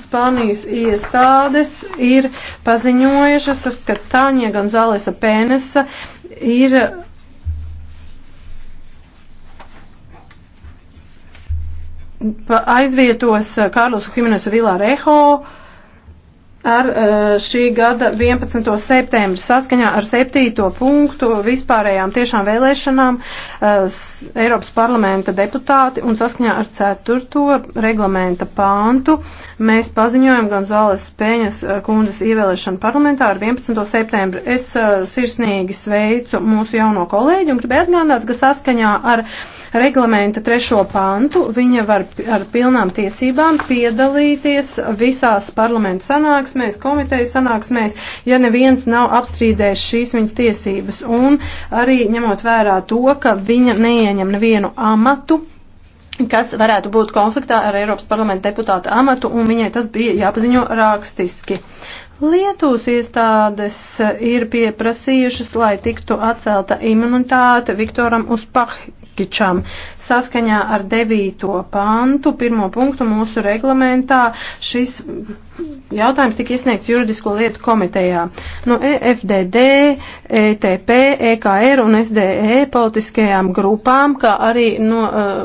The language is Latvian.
Spānijas iestādes ir paziņojušas, ka Tāņie Gonzālesa Pēnesa ir aizvietos Kārlis Himenes Vilā Reho, ar eh, šī gada 11. septembra saskaņā ar 7. punktu vispārējām tiešām vēlēšanām eh, Eiropas parlamenta deputāti un saskaņā ar 4. reglamenta pāntu mēs paziņojam Gonzāles Pēņas eh, kundzes ievēlēšanu parlamentā ar 11. septembru. Es sirsnīgi sveicu mūsu jauno kolēģi un gribēju atgādāt, ka saskaņā ar reglamenta trešo pantu, viņa var ar pilnām tiesībām piedalīties visās parlamenta sanāksmēs, komiteja sanāksmēs, ja neviens nav apstrīdējis šīs viņas tiesības. Un arī ņemot vērā to, ka viņa neieņem nevienu amatu, kas varētu būt konfliktā ar Eiropas parlamenta deputāta amatu, un viņai tas bija jāpaziņo rakstiski. Lietuvas iestādes ir pieprasījušas, lai tiktu atcelta imunitāte Viktoram Uspah, Jakovčičam. Saskaņā ar 9. pantu, pirmo punktu mūsu reglamentā, šis jautājums tika iesniegts juridisko lietu komitejā. No EFDD, ETP, EKR un SDE politiskajām grupām, kā arī no. Uh,